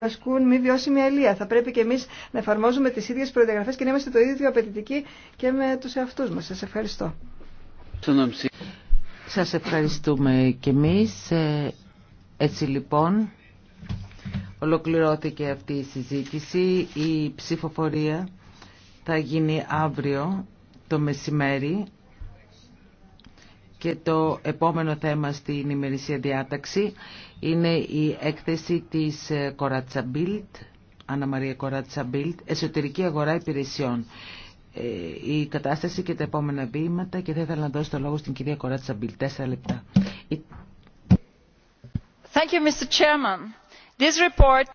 ασκούν μη βιώσιμη αλεία. Θα πρέπει και εμείς να εφαρμόζουμε τις ίδιες προδιαγραφέ και να είμαστε το ίδιο απαιτητικοί και με τους εαυτούς μας. Σας ευχαριστώ. Σας ευχαριστούμε και εμείς. Ε, έτσι λοιπόν ολοκληρώθηκε αυτή η συζήτηση. Η ψηφοφορία θα γίνει αύριο το μεσημέρι και το επόμενο θέμα στην ημερησία διάταξη είναι η έκθεση της ε, Κορατσαμπίλτ, Άννα Μαρία Κορατσαμπίλτ, εσωτερική αγορά υπηρεσιών. Ε, η κατάσταση και τα επόμενα βήματα και θα ήθελα να δώσω το λόγο στην κυρία Κορατσαμπίλτ. Τέσσερα λεπτά. Thank you, Mr.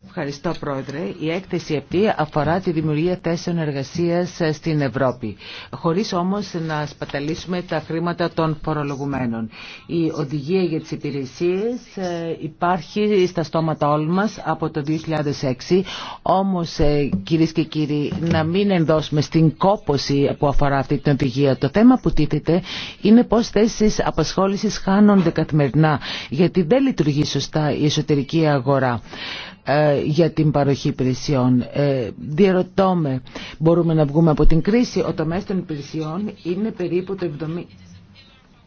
Ευχαριστώ Πρόεδρε. Η έκθεση αυτή αφορά τη δημιουργία θέσεων εργασίας ε, στην Ευρώπη, χωρίς όμως να σπαταλήσουμε τα χρήματα των φορολογουμένων. Η οδηγία για τις υπηρεσίες ε, υπάρχει στα στόματα όλων μας από το 2006, όμως ε, κυρίες και κύριοι να μην ενδώσουμε στην κόποση που αφορά αυτή την οδηγία. Το θέμα που τίθεται είναι πώς θέσεις απασχόλησης χάνονται καθημερινά, γιατί δεν λειτουργεί σωστά η εσωτερική αγορά. Ε, για την παροχή υπηρεσιών. Ε, Διερωτώ μπορούμε να βγούμε από την κρίση. Ο τομέας των υπηρεσιών είναι περίπου το 70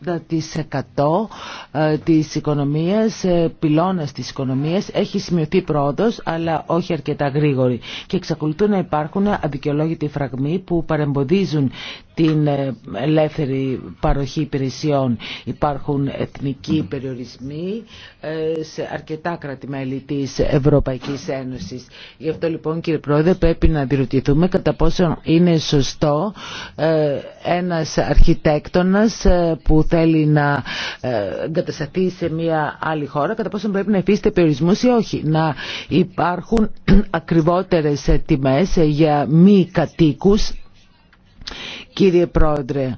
80% ε, της οικονομίας, ε, πυλώνας της οικονομίας έχει σημειωθεί πρόοδος αλλά όχι αρκετά γρήγορη και εξακολουθούν να υπάρχουν αδικαιολόγητοι φραγμοί που παρεμποδίζουν την ε, ελεύθερη παροχή υπηρεσιών. Υπάρχουν εθνικοί περιορισμοί σε αρκετά κρατημέλη της Ευρωπαϊκής Ένωσης. Γι' αυτό λοιπόν κύριε Πρόεδρε πρέπει να αντιρωτηθούμε κατά πόσο είναι σωστό ένας αρχιτέκτονας που θέλει να ε, εγκατασταθεί σε μια άλλη χώρα, κατά πόσο πρέπει να υφίσετε περιορισμού ή όχι. Να υπάρχουν ακριβότερες τιμέ για μη κατοίκου, Κύριε Πρόεδρε,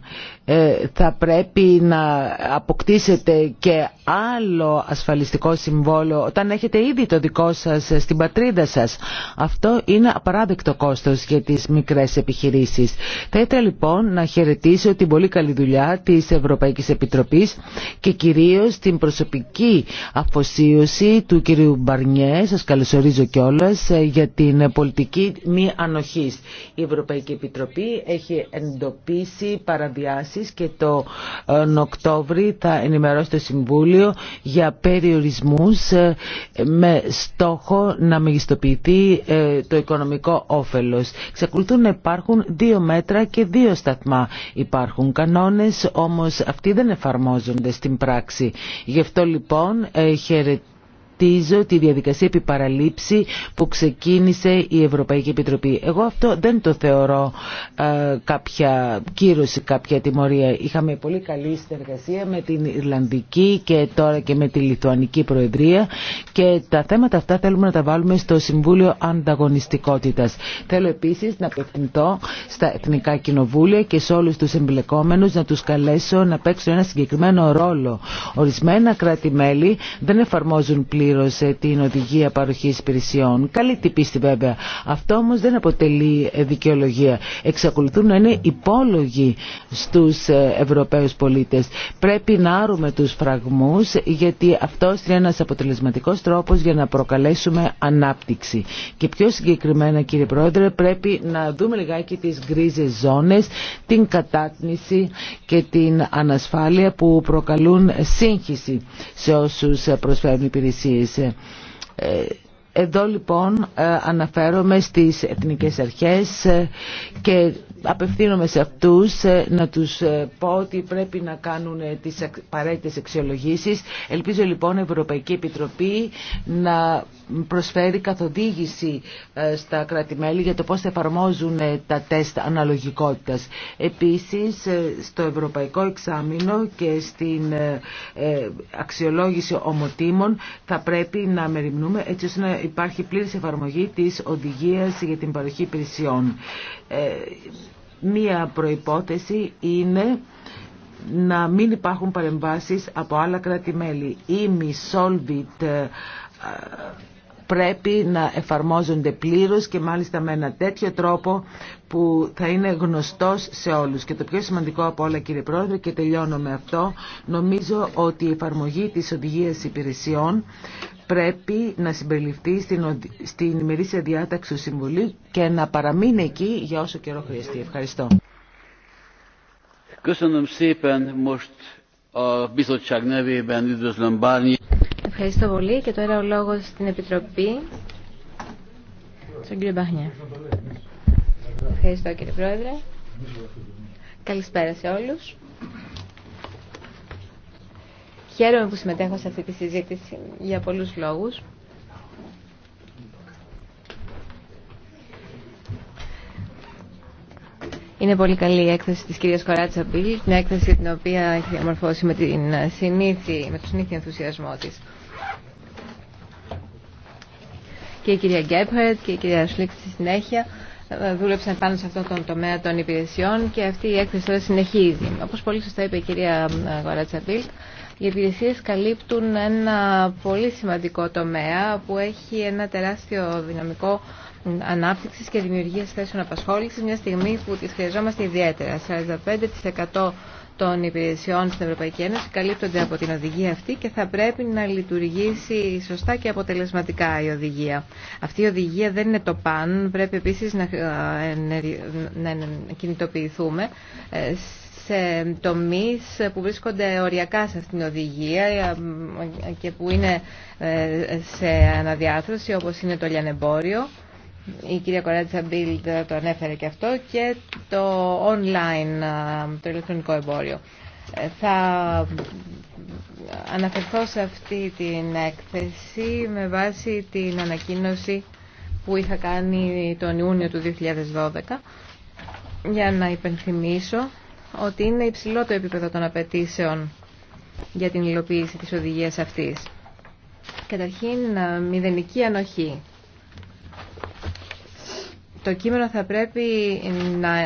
ε, θα πρέπει να αποκτήσετε και άλλο ασφαλιστικό συμβόλαιο όταν έχετε ήδη το δικό σας ε, στην πατρίδα σας. Αυτό είναι απαράδεκτο κόστος για τις μικρές επιχειρήσεις. Θα ήθελα λοιπόν να χαιρετήσω την πολύ καλή δουλειά της Ευρωπαϊκής Επιτροπής και κυρίως την προσωπική αφοσίωση του κυρίου Μπαρνιέ, σας καλωσορίζω κιόλας, ε, για την πολιτική μη ανοχής. Η Ευρωπαϊκή Επιτροπή έχει εντοπίσει παραβιάσει και το ε, Οκτώβρη θα ενημερώσει το Συμβούλιο για περιορισμούς ε, με στόχο να μεγιστοποιηθεί ε, το οικονομικό όφελος. Ξεκολουθούν να υπάρχουν δύο μέτρα και δύο σταθμά. Υπάρχουν κανόνες, όμως αυτοί δεν εφαρμόζονται στην πράξη. Γι' αυτό λοιπόν χαιρετίζουμε τη διαδικασία επιπαραλήψη που ξεκίνησε η Ευρωπαϊκή Επιτροπή. Εγώ αυτό δεν το θεωρώ ε, κάποια κύρωση, κάποια τιμωρία. Είχαμε πολύ καλή συνεργασία με την Ιρλανδική και τώρα και με τη Λιθουανική Προεδρία και τα θέματα αυτά θέλουμε να τα βάλουμε στο Συμβούλιο Ανταγωνιστικότητας. Θέλω επίσης να απευθυνθώ στα Εθνικά Κοινοβούλια και σε όλους τους εμπλεκόμενους να τους καλέσω να παίξουν ένα συγκεκριμένο ρόλο. Ορισμένα κράτη-μέλη δεν εφαρμόζουν πλήρω την οδηγία παροχή υπηρεσιών. Καλή την πίστη βέβαια. Αυτό όμω δεν αποτελεί ε, δικαιολογία. Εξακολουθούν να είναι υπόλογοι στου ε, Ευρωπαίου πολίτε. Πρέπει να άρουμε του φραγμού, γιατί αυτό είναι ένα αποτελεσματικό τρόπο για να προκαλέσουμε ανάπτυξη. Και πιο συγκεκριμένα κύριε Πρόεδρε πρέπει να δούμε λιγάκι τι γκρίζε ζώνε, την κατάκνηση και την ανασφάλεια που προκαλούν σύγχυση σε όσους προσφέρουν υπηρεσίε. Ε, εδώ λοιπόν ε, αναφέρομαι στις εθνικές αρχές ε, και απευθύνομαι σε αυτούς ε, να τους ε, πω ότι πρέπει να κάνουν ε, τις παρέτητες αξιολογήσει. Ελπίζω λοιπόν η Ευρωπαϊκή Επιτροπή να προσφέρει καθοδήγηση στα κράτη-μέλη για το πώς θα εφαρμόζουν τα τεστ αναλογικότητας. Επίσης στο Ευρωπαϊκό Εξάμεινο και στην αξιολόγηση ομοτήμων θα πρέπει να μεριμνούμε έτσι ώστε να υπάρχει πλήρης εφαρμογή της οδηγίας για την παροχή υπηρεσιών. Μία προϋπόθεση είναι να μην υπάρχουν παρεμβάσεις από άλλα κράτη-μέλη. Η πρέπει να εφαρμόζονται πλήρως και μάλιστα με ένα τέτοιο τρόπο που θα είναι γνωστός σε όλους. Και το πιο σημαντικό από όλα κύριε Πρόεδρε και τελειώνω με αυτό, νομίζω ότι η εφαρμογή της οδηγίας υπηρεσιών πρέπει να συμπεριληφθεί στην, στην ημερήσια διάταξη του Συμβουλίου και να παραμείνει εκεί για όσο καιρό χρειαστεί. Ευχαριστώ. Ευχαριστώ πολύ και τώρα ο λόγο στην Επιτροπή, στον κύριο Μπαχνιά. Ευχαριστώ κύριε Πρόεδρε. Καλησπέρα σε όλους. Χαίρομαι που συμμετέχω σε αυτή τη συζήτηση για πολλούς λόγους. Είναι πολύ καλή η έκθεση της κυρίας Κοράτσα Μπίλ, την έκθεση την οποία έχει διαμορφώσει με, την συνήθη, με τον συνήθι ενθουσιασμό της και η κυρία Γκέπχερτ και η κυρία Σλίξ στη συνέχεια ε, δούλεψαν πάνω σε αυτό τον τομέα των υπηρεσιών και αυτή η έκθεση τώρα συνεχίζει. Όπως πολύ σωστά είπε η κυρία ε, Γοράτσα οι υπηρεσίε καλύπτουν ένα πολύ σημαντικό τομέα που έχει ένα τεράστιο δυναμικό ανάπτυξη και δημιουργία θέσεων απασχόληση, μια στιγμή που τι χρειαζόμαστε ιδιαίτερα. 45% των υπηρεσιών στην Ευρωπαϊκή Ένωση καλύπτονται από την οδηγία αυτή και θα πρέπει να λειτουργήσει σωστά και αποτελεσματικά η οδηγία. Αυτή η οδηγία δεν είναι το παν, πρέπει επίσης να, ε, να κινητοποιηθούμε ε, σε τομείς που βρίσκονται οριακά σε αυτήν την οδηγία ε, και που είναι σε αναδιάθρωση όπως είναι το λιανεμπόριο η κυρία Κοράτσα Μπίλτ το ανέφερε και αυτό και το online, το ηλεκτρονικό εμπόριο. Ε, θα αναφερθώ σε αυτή την έκθεση με βάση την ανακοίνωση που είχα κάνει τον Ιούνιο του 2012 για να υπενθυμίσω ότι είναι υψηλό το επίπεδο των απαιτήσεων για την υλοποίηση της οδηγίας αυτής. Καταρχήν, μηδενική ανοχή το κείμενο θα πρέπει να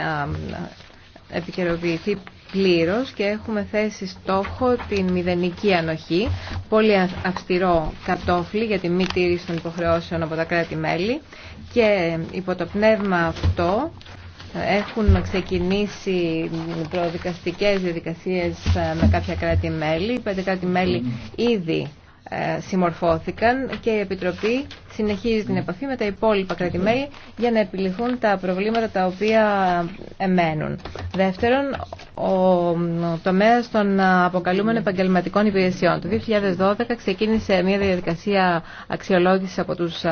επικαιροποιηθεί πλήρως και έχουμε θέσει στόχο την μηδενική ανοχή, πολύ αυστηρό κατόφλι για τη μη τήρηση των υποχρεώσεων από τα κράτη-μέλη και υπό το πνεύμα αυτό έχουν ξεκινήσει προδικαστικές διαδικασίες ε, με κάποια κράτη-μέλη. Πέντε κράτη-μέλη mm. ήδη ε, συμμορφώθηκαν και η Επιτροπή συνεχίζει την επαφή με τα υπόλοιπα κρατημέλη για να επιληθούν τα προβλήματα τα οποία εμένουν. Δεύτερον, ο τομέας των αποκαλούμενων επαγγελματικών υπηρεσιών. Το 2012 ξεκίνησε μια διαδικασία αξιολόγησης από τους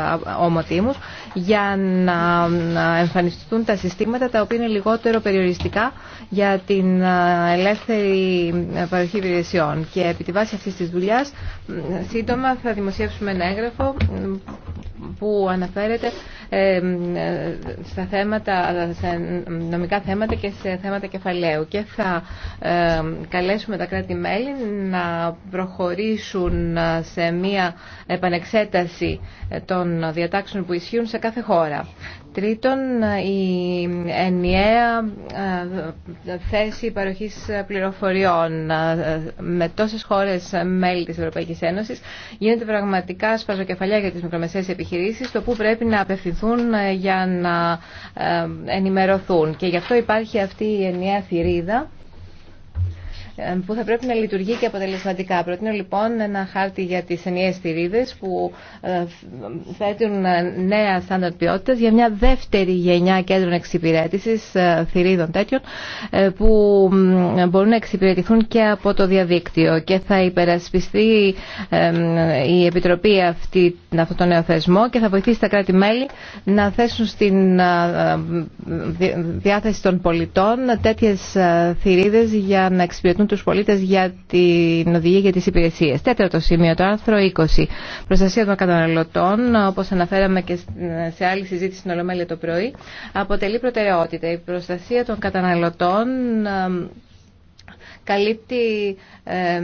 ομοτήμους για να εμφανιστούν τα συστήματα τα οποία είναι λιγότερο περιοριστικά για την ε, ελεύθερη ε, παροχή υπηρεσιών. Και επί τη βάση αυτής της δουλειάς, σύντομα θα δημοσιεύσουμε ένα έγγραφο που αναφέρεται στα θέματα, σε νομικά θέματα και σε θέματα κεφαλαίου. Και θα καλέσουμε τα κράτη-μέλη να προχωρήσουν σε μία επανεξέταση των διατάξεων που ισχύουν σε κάθε χώρα. Τρίτον, η ενιαία ε, θέση παροχής πληροφοριών ε, με τόσες χώρες μέλη της Ευρωπαϊκής Ένωσης γίνεται πραγματικά σπαζοκεφαλιά για τις μικρομεσαίες επιχειρήσεις επιχειρήσει το που πρέπει να απευθυνθούν ε, για να ε, ενημερωθούν. Και γι' αυτό υπάρχει αυτή η ενιαία θηρίδα ε, που θα πρέπει να λειτουργεί και αποτελεσματικά. Προτείνω λοιπόν ένα χάρτη για τις ενιαίες θηρίδες που ε, θέτουν ε, νέα στάνταρ ποιότητα για μια δεύτερη γενιά κέντρων εξυπηρέτησης θηρίδων τέτοιων που μπορούν να εξυπηρετηθούν και από το διαδίκτυο και θα υπερασπιστεί η Επιτροπή αυτή, αυτό το νέο θεσμό και θα βοηθήσει τα κράτη-μέλη να θέσουν στην διάθεση των πολιτών τέτοιες θηρίδες για να εξυπηρετούν του πολίτε για την οδηγία για τι Υπηρεσίε. Τέταρτο σημείο, το άρθρο 20. Προστασία των καταναλωτών, όπω αναφέραμε και σε άλλη συζήτηση στην Ολομέλεια το πρωί, αποτελεί προτεραιότητα. Η προστασία των καταναλωτών καλύπτει ε,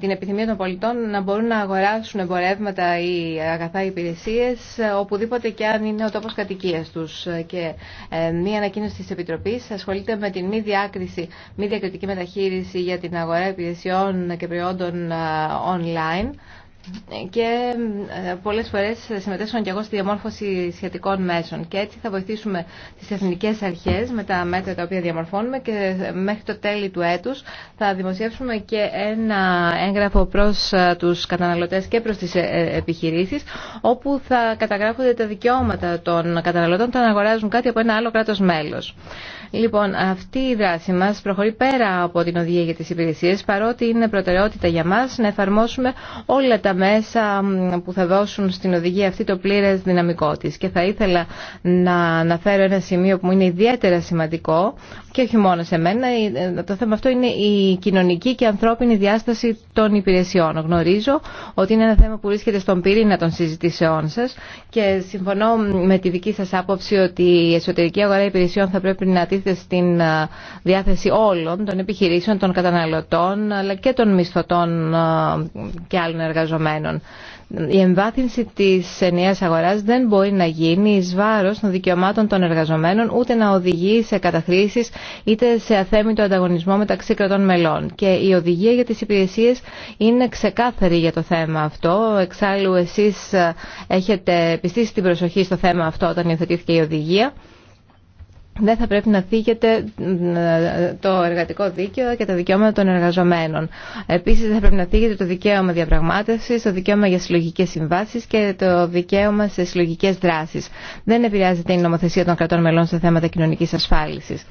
την επιθυμία των πολιτών να μπορούν να αγοράσουν εμπορεύματα ή αγαθά υπηρεσίες οπουδήποτε και αν είναι ο τόπος κατοικίας τους. Και ε, μία ανακοίνωση της Επιτροπής ασχολείται με την μη διάκριση, μη διακριτική μεταχείριση για την αγορά υπηρεσιών και προϊόντων ε, online και ε, πολλές φορές συμμετέσχω και εγώ στη διαμόρφωση σχετικών μέσων και έτσι θα βοηθήσουμε τις εθνικές αρχές με τα μέτρα τα οποία διαμορφώνουμε και ε, μέχρι το τέλη του έτους θα δημοσιεύσουμε και ένα έγγραφο προς ε, τους καταναλωτές και προς τις επιχειρήσεις όπου θα καταγράφονται τα δικαιώματα των καταναλωτών όταν αγοράζουν κάτι από ένα άλλο κράτος μέλος. Λοιπόν, αυτή η δράση μα προχωρεί πέρα από την οδηγία για τι Υπηρεσίε, παρότι είναι προτεραιότητα για μα να εφαρμόσουμε όλα τα μέσα που θα δώσουν στην οδηγία αυτή το πλήρες δυναμικό της. Και θα ήθελα να αναφέρω ένα σημείο που μου είναι ιδιαίτερα σημαντικό και όχι μόνο σε μένα. Ε, το θέμα αυτό είναι η κοινωνική και ανθρώπινη διάσταση των υπηρεσιών. Γνωρίζω ότι είναι ένα θέμα που βρίσκεται στον πυρήνα των συζητήσεών σα. και συμφωνώ με τη δική σα άποψη ότι η εσωτερική αγορά υπηρεσιών θα πρέπει να τίθεται στην ε, διάθεση όλων των επιχειρήσεων, των καταναλωτών αλλά και των μισθωτών ε, και άλλων εργαζομένων η εμβάθυνση της ενιαίας αγοράς δεν μπορεί να γίνει εις βάρος των δικαιωμάτων των εργαζομένων ούτε να οδηγεί σε καταχρήσεις είτε σε αθέμητο ανταγωνισμό μεταξύ κρατών μελών. Και η οδηγία για τις υπηρεσίες είναι ξεκάθαρη για το θέμα αυτό. Εξάλλου εσείς ε, έχετε πιστήσει την προσοχή στο θέμα αυτό όταν υιοθετήθηκε η οδηγία δεν θα πρέπει να θίγεται ε, το εργατικό δίκαιο και τα δικαιώματα των εργαζομένων. Επίσης δεν θα πρέπει να θίγεται το δικαίωμα διαπραγματεύση, το δικαίωμα για συλλογικέ συμβάσει και το δικαίωμα σε συλλογικέ δράσεις. Δεν επηρεάζεται η νομοθεσία των κρατών μελών σε θέματα κοινωνικής ασφάλισης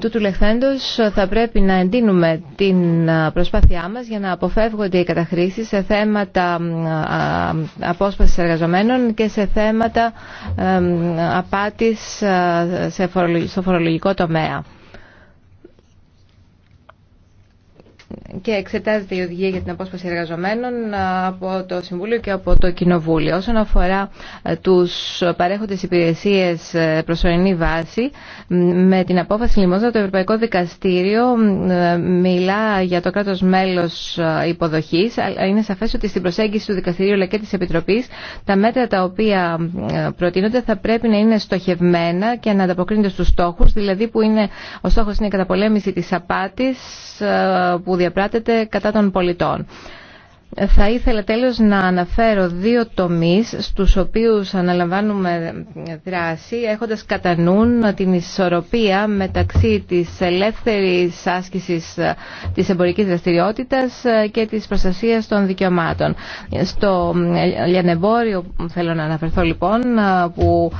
τούτου ε, λεχθέντος ε, θα πρέπει να εντείνουμε την ε, προσπάθειά μας για να αποφεύγονται οι καταχρήσεις σε θέματα απόσπασης εργαζομένων και σε θέματα απάτης στο φορολογικό τομέα. και εξετάζεται η οδηγία για την απόσπαση εργαζομένων ε, από το Συμβούλιο και από το Κοινοβούλιο. Όσον αφορά ε, τους παρέχοντες υπηρεσίες ε, προσωρινή βάση, με την απόφαση λιμόζα το Ευρωπαϊκό Δικαστήριο μιλά για το κράτος μέλος υποδοχής. Είναι σαφές ότι στην προσέγγιση του Δικαστηρίου αλλά και της Επιτροπής τα μέτρα τα οποία προτείνονται θα πρέπει να είναι στοχευμένα και να ανταποκρίνονται στους στόχους, δηλαδή που είναι, ο στόχος είναι η καταπολέμηση της απάτης που διαπράτεται κατά των πολιτών. Θα ήθελα τέλος να αναφέρω δύο τομείς στους οποίους αναλαμβάνουμε δράση έχοντας κατά νου την ισορροπία μεταξύ της ελεύθερης άσκησης της εμπορικής δραστηριότητας και της προστασίας των δικαιωμάτων. Στο λιανεμπόριο θέλω να αναφερθώ λοιπόν που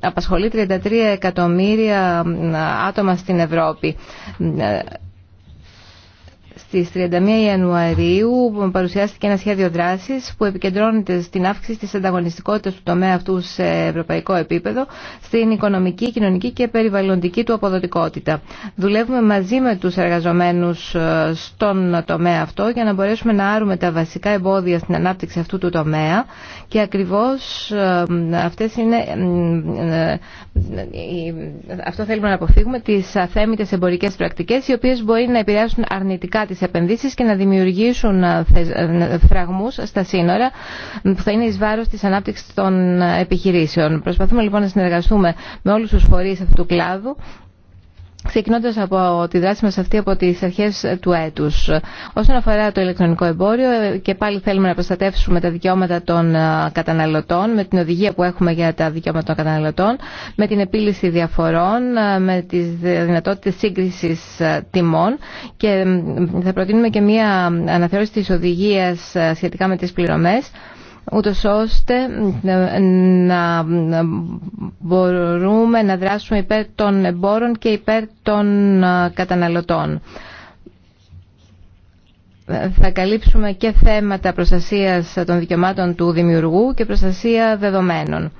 απασχολεί 33 εκατομμύρια άτομα στην Ευρώπη. Στις 31 Ιανουαρίου παρουσιάστηκε ένα σχέδιο δράσης που επικεντρώνεται στην αύξηση της ανταγωνιστικότητας του τομέα αυτού σε ευρωπαϊκό επίπεδο, στην οικονομική, κοινωνική και περιβαλλοντική του αποδοτικότητα. Δουλεύουμε μαζί με τους εργαζομένους στον τομέα αυτό για να μπορέσουμε να άρουμε τα βασικά εμπόδια στην ανάπτυξη αυτού του τομέα και ακριβώς αυτές είναι, αυτό θέλουμε να αποφύγουμε, τις αθέμητες εμπορικές πρακτικές οι οποίες μπορεί να επηρεάσουν αρνητικά τις επενδύσεις και να δημιουργήσουν ε, ε, φραγμούς στα σύνορα που θα είναι εις βάρος της ανάπτυξης των επιχειρήσεων. Προσπαθούμε λοιπόν να συνεργαστούμε με όλους τους φορείς αυτού του κλάδου ξεκινώντας από τη δράση μας αυτή από τις αρχές του έτους. Όσον αφορά το ηλεκτρονικό εμπόριο ε, και πάλι θέλουμε να προστατεύσουμε τα δικαιώματα των ε, καταναλωτών με την οδηγία που έχουμε για τα δικαιώματα των καταναλωτών, με την επίλυση διαφορών, ε, με τις δυνατότητες σύγκρισης τιμών και θα προτείνουμε και μια αναθεώρηση της οδηγίας σχετικά με τις πληρωμές ούτως ώστε να μπορούμε να δράσουμε υπέρ των εμπόρων και υπέρ των καταναλωτών. Θα καλύψουμε και θέματα προστασίας των δικαιωμάτων του δημιουργού και προστασία δεδομένων.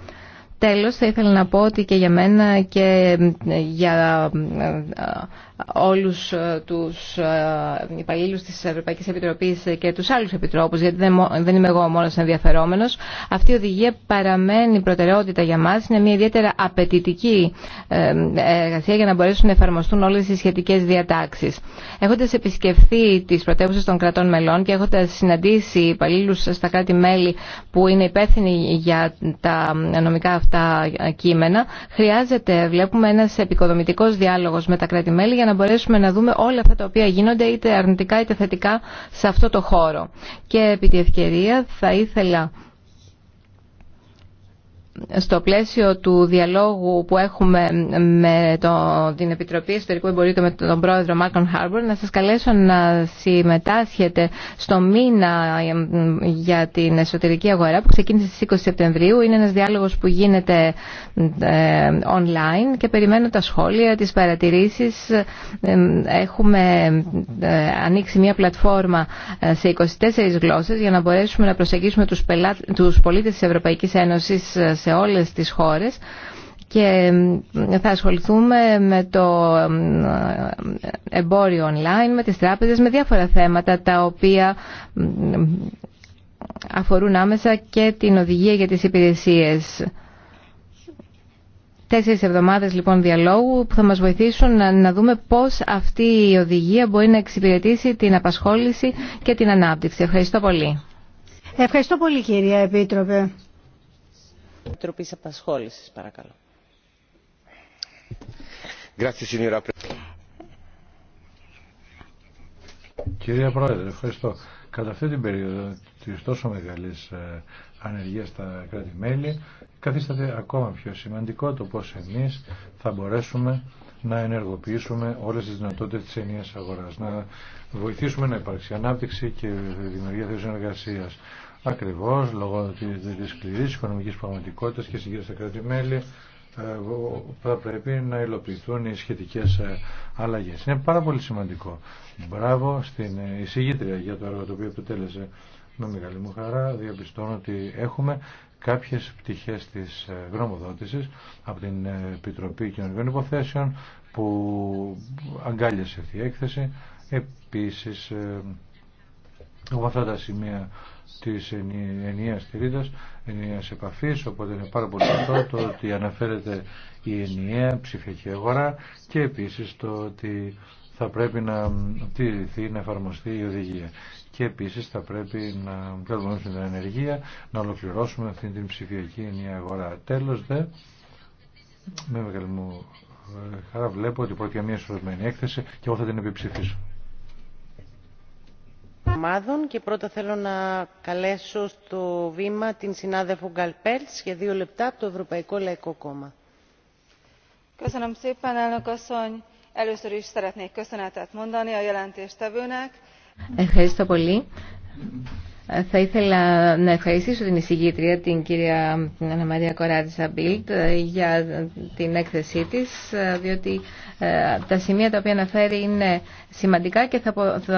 Τέλος, θα ήθελα να πω ότι και για μένα και για όλους ε, τους ε, υπαλλήλους της Ευρωπαϊκής Επιτροπής και τους άλλους επιτρόπους, γιατί δεν είμαι εγώ μόνος ενδιαφερόμενος. Αυτή η οδηγία παραμένει προτεραιότητα για μας. Είναι μια ιδιαίτερα απαιτητική ε, εργασία για να μπορέσουν να εφαρμοστούν όλες οι σχετικές διατάξεις. Έχοντας επισκεφθεί τις πρωτεύουσες των κρατών μελών και έχοντας συναντήσει υπαλλήλου στα κράτη-μέλη που είναι υπεύθυνοι για τα νομικά αυτά κείμενα, χρειάζεται, βλέπουμε, ένας επικοδομητικός διάλογος με τα κράτη-μέλη να μπορέσουμε να δούμε όλα αυτά τα οποία γίνονται είτε αρνητικά είτε θετικά σε αυτό το χώρο. Και επί τη ευκαιρία θα ήθελα στο πλαίσιο του διαλόγου που έχουμε με το, την Επιτροπή Εσωτερικού Εμπορίου και με τον πρόεδρο Μάρκον Χάρμπορ να σας καλέσω να συμμετάσχετε στο μήνα ε, για την εσωτερική αγορά που ξεκίνησε στις 20 Σεπτεμβρίου. Είναι ένας διάλογος που γίνεται ε, online και περιμένω τα σχόλια, τις παρατηρήσεις. Ε, έχουμε ανοίξει μια πλατφόρμα σε 24 γλώσσες για να μπορέσουμε να προσεγγίσουμε τους, τους πολίτες της Ευρωπαϊκής Ένωσης σε όλες τις χώρες και θα ασχοληθούμε με το εμπόριο online, με τις τράπεζες, με διάφορα θέματα τα οποία αφορούν άμεσα και την οδηγία για τις υπηρεσίες. Τέσσερις εβδομάδες λοιπόν διαλόγου που θα μας βοηθήσουν να, δούμε πώς αυτή η οδηγία μπορεί να εξυπηρετήσει την απασχόληση και την ανάπτυξη. Ευχαριστώ πολύ. Ευχαριστώ πολύ κυρία Επίτροπε. Επιτροπής Απασχόλησης, παρακαλώ. Κυρία Πρόεδρε, ευχαριστώ. Κατά αυτή την περίοδο τη τόσο μεγάλη ε, ανεργίας στα κράτη-μέλη, καθίσταται ακόμα πιο σημαντικό το πώς εμεί θα μπορέσουμε να ενεργοποιήσουμε όλε τι δυνατότητε τη ενιαίας αγοράς βοηθήσουμε να υπάρξει ανάπτυξη και δημιουργία θέσεων εργασία. Ακριβώ λόγω τη σκληρή οικονομική πραγματικότητα και συγκύρωση στα κράτη-μέλη ε, θα πρέπει να υλοποιηθούν οι σχετικέ ε, αλλαγέ. Είναι πάρα πολύ σημαντικό. Μπράβο στην εισηγήτρια για το έργο το οποίο επιτέλεσε. Με μεγάλη μου χαρά διαπιστώνω ότι έχουμε κάποιες πτυχές της ε, γνωμοδότησης από την Επιτροπή Κοινωνικών Υποθέσεων που αγκάλιασε αυτή η έκθεση. Επίσης, ε, έχουμε αυτά τα σημεία της ενιαίας θηρίδας, ενιαίας επαφής, οπότε είναι πάρα πολύ αυτό το ότι αναφέρεται η ενιαία ψηφιακή αγορά και επίσης το ότι θα πρέπει να τηρηθεί, να εφαρμοστεί η οδηγία. Και επίσης θα πρέπει να κάνουμε την ενεργεία, να ολοκληρώσουμε αυτή την ψηφιακή ενιαία αγορά. Τέλος δε, με μεγάλη μου ε, χαρά βλέπω ότι πρόκειται μια σωσμένη έκθεση και εγώ θα την επιψηφίσω ομάδων και πρώτα θέλω να καλέσω στο βήμα την συνάδελφο Γκάλ Πέλτς για δύο λεπτά από το Ευρωπαϊκό Λαϊκό Κόμμα. Köszönöm szépen, elnök asszony! Először is szeretnék köszönetet mondani a jelentéstevőnek. Ευχαριστώ πολύ. Θα ήθελα να ευχαριστήσω την εισηγήτρια, την κυρία Αναμαρία Κοράτσα Μπίλτ, για την έκθεσή της, διότι ε, τα σημεία τα οποία αναφέρει είναι σημαντικά και θα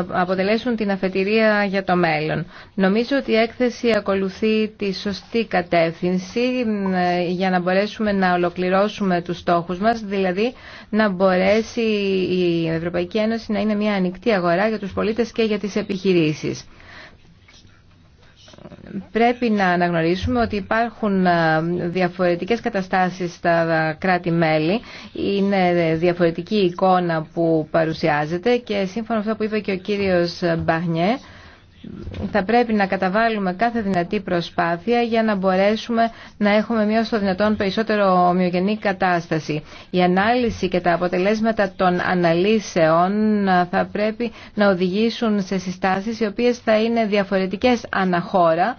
αποτελέσουν την αφετηρία για το μέλλον. Νομίζω ότι η έκθεση ακολουθεί τη σωστή κατεύθυνση για να μπορέσουμε να ολοκληρώσουμε τους στόχους μας, δηλαδή να μπορέσει η Ευρωπαϊκή Ένωση να είναι μια ανοιχτή αγορά για τους πολίτες και για τις επιχειρήσεις. Πρέπει να αναγνωρίσουμε ότι υπάρχουν ε, διαφορετικές καταστάσεις στα κράτη-μέλη. Είναι διαφορετική εικόνα που παρουσιάζεται και σύμφωνα με αυτό που είπε και ο κύριος Μπαχνιέ, θα πρέπει να καταβάλουμε κάθε δυνατή προσπάθεια για να μπορέσουμε να έχουμε μία στο δυνατόν περισσότερο ομοιογενή κατάσταση. Η ανάλυση και τα αποτελέσματα των αναλύσεων ε, θα πρέπει να οδηγήσουν σε συστάσεις οι οποίες θα είναι διαφορετικές αναχώρα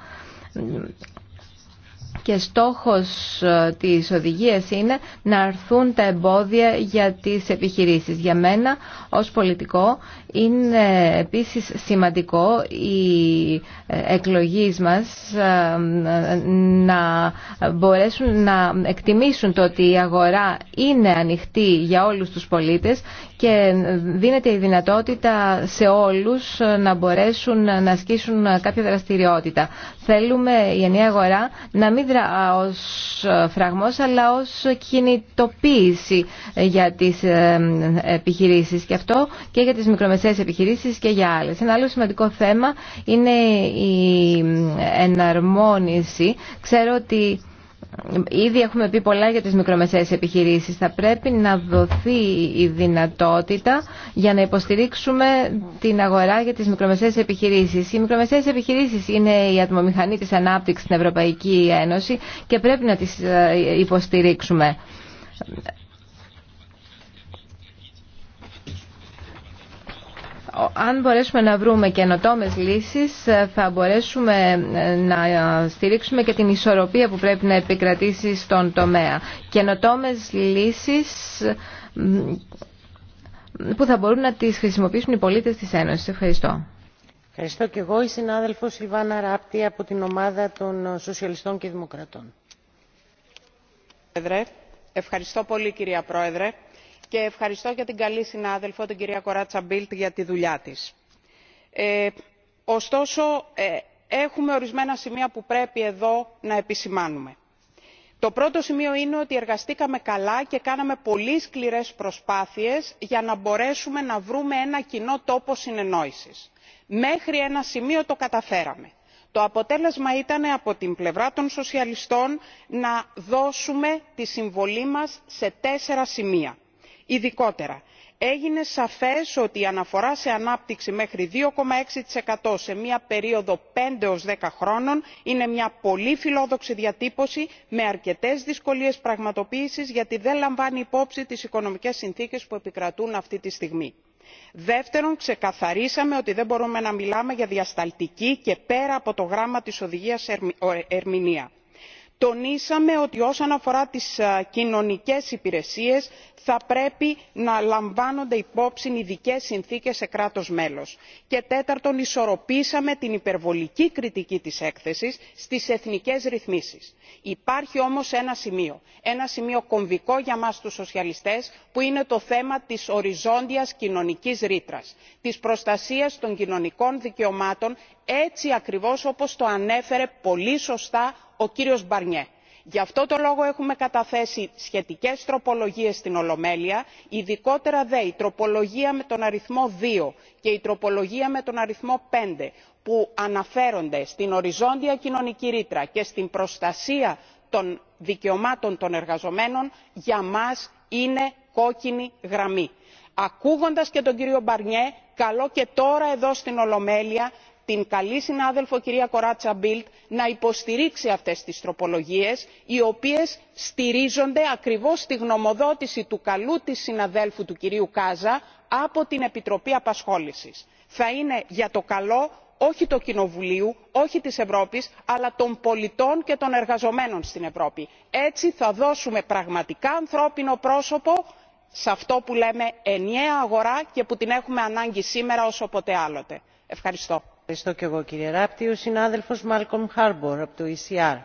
και στόχος ε, της οδηγίας είναι να αρθούν τα εμπόδια για τις επιχειρήσεις. Για μένα ως πολιτικό είναι επίσης σημαντικό οι ε, εκλογείς μας ε, να μπορέσουν να εκτιμήσουν το ότι η αγορά είναι ανοιχτή για όλους τους πολίτες και δίνεται η δυνατότητα σε όλους να μπορέσουν να ασκήσουν κάποια δραστηριότητα. Θέλουμε η ενιαία αγορά να μην δρά ως φραγμός αλλά ως κινητοποίηση για τις ε, επιχειρήσεις και αυτό και για τις μικρομεσαίες επιχειρήσεις και για άλλες. Ένα άλλο σημαντικό θέμα είναι η εναρμόνιση. Ξέρω ότι Ήδη έχουμε πει πολλά για τις μικρομεσαίες επιχειρήσεις. Θα πρέπει να δοθεί η δυνατότητα για να υποστηρίξουμε την αγορά για τις μικρομεσαίες επιχειρήσεις. Οι μικρομεσαίες επιχειρήσεις είναι η ατμομηχανή της ανάπτυξης στην Ευρωπαϊκή Ένωση και πρέπει να τις ε, υποστηρίξουμε. αν μπορέσουμε να βρούμε καινοτόμε λύσεις ε, θα μπορέσουμε ε, να στηρίξουμε και την ισορροπία που πρέπει να επικρατήσει στον τομέα. Καινοτόμε λύσεις που θα μπορούν να τις χρησιμοποιήσουν οι πολίτες της Ένωσης. Ευχαριστώ. Ευχαριστώ και εγώ. Η συνάδελφος Ιβάνα Ράπτη από την ομάδα των Σοσιαλιστών και Δημοκρατών. Ευχαριστώ πολύ κυρία Πρόεδρε και ευχαριστώ για την καλή συνάδελφο την κυρία κοράτσα μπιλτ για τη δουλειά της. Ε, ωστόσο ε, έχουμε ορισμένα σημεία που πρέπει εδώ να επισημάνουμε. το πρώτο σημείο είναι ότι εργαστήκαμε καλά και κάναμε πολύ σκληρές προσπάθειες για να μπορέσουμε να βρούμε ένα κοινό τόπο συνεννόησης. μέχρι ένα σημείο το καταφέραμε. το αποτέλεσμα ήταν από την πλευρά των σοσιαλιστών να δώσουμε τη συμβολή μας σε τέσσερα σημεία ειδικότερα έγινε σαφές ότι η αναφορά σε ανάπτυξη μέχρι δύο έξι σε μια περίοδο πέντε δέκα χρόνων είναι μια πολύ φιλόδοξη διατύπωση με αρκετές δυσκολίες πραγματοποίησης γιατί δεν λαμβάνει υπόψη τις οικονομικές συνθήκες που επικρατούν αυτή τη στιγμή. δεύτερον ξεκαθαρίσαμε ότι δεν μπορούμε να μιλάμε για διασταλτική και πέρα από το γράμμα της οδηγίας ερμηνεία τονίσαμε ότι όσον αφορά τις κοινωνικές υπηρεσίες θα πρέπει να λαμβάνονται υπόψη ειδικές συνθήκες σε κράτος μέλος. και τέταρτον ισορροπήσαμε την υπερβολική κριτική της έκθεσης στις εθνικές ρυθμίσεις. υπάρχει όμως ένα σημείο ένα σημείο κομβικό για μας τους σοσιαλιστές που είναι το θέμα της οριζόντιας κοινωνικής ρήτρας της προστασίας των κοινωνικών δικαιωμάτων έτσι ακριβώς όπως το ανέφερε πολύ σωστά ο κύριος μπαρνιέ. γι' αυτό το λόγο έχουμε καταθέσει σχετικές τροπολογίες στην ολομέλεια ειδικότερα δε η τροπολογία με τον αριθμό 2 και η τροπολογία με τον αριθμό πέντε που αναφέρονται στην οριζόντια κοινωνική ρήτρα και στην προστασία των δικαιωμάτων των εργαζομένων για μας είναι κόκκινη γραμμή. ακούγοντας και τον κύριο μπαρνιέ καλό και τώρα εδώ στην ολομέλεια την καλή συνάδελφο κυρία κοράτσα μπιλτ να υποστηρίξει αυτές τις τροπολογίες οι οποίες στηρίζονται ακριβώς στη γνωμοδότηση του καλού της συναδέλφου του κυρίου Κάζα από την επιτροπή απασχόλησης. θα είναι για το καλό όχι του κοινοβουλίου όχι της ευρώπης αλλά των πολιτών και των εργαζομένων στην ευρώπη. έτσι θα δώσουμε πραγματικά ανθρώπινο πρόσωπο σε αυτό που λέμε ενιαία αγορά και που την έχουμε ανάγκη σήμερα όσο ποτέ άλλοτε. ευχαριστώ. Ευχαριστώ και εγώ κύριε Ράπτη. Ο συνάδελφος Μάλκομ Χάρμπορ από το ECR.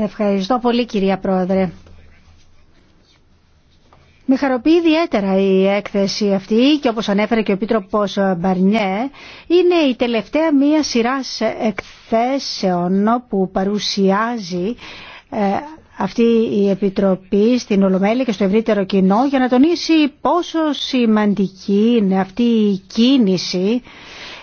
Ευχαριστώ πολύ κυρία Πρόεδρε. Με χαροποιεί ιδιαίτερα η έκθεση αυτή και όπως ανέφερε και ο Επίτροπος Μπαρνιέ είναι η τελευταία μία σειρά εκθέσεων που παρουσιάζει ε, αυτή η Επιτροπή στην Ολομέλη και στο ευρύτερο κοινό για να τονίσει πόσο σημαντική είναι αυτή η κίνηση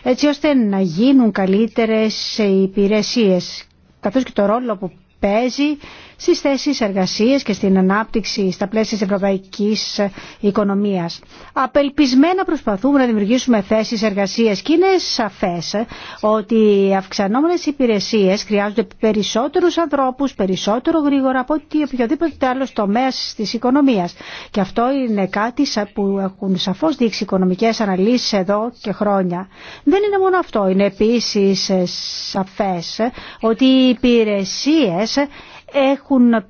έτσι ώστε να γίνουν καλύτερες οι υπηρεσίες καθώς και το ρόλο που παίζει στις θέσεις εργασίας και στην ανάπτυξη στα πλαίσια της ευρωπαϊκής οικονομίας. Απελπισμένα προσπαθούμε να δημιουργήσουμε θέσεις εργασίας και είναι σαφές ότι οι αυξανόμενες υπηρεσίες χρειάζονται περισσότερους ανθρώπους, περισσότερο γρήγορα από ότι οποιοδήποτε άλλο τομέα της οικονομίας. Και αυτό είναι κάτι που έχουν σαφώς δείξει οικονομικές αναλύσεις εδώ και χρόνια. Δεν είναι μόνο αυτό, είναι επίσης σαφές ότι οι υπηρεσίες έχουν, ε,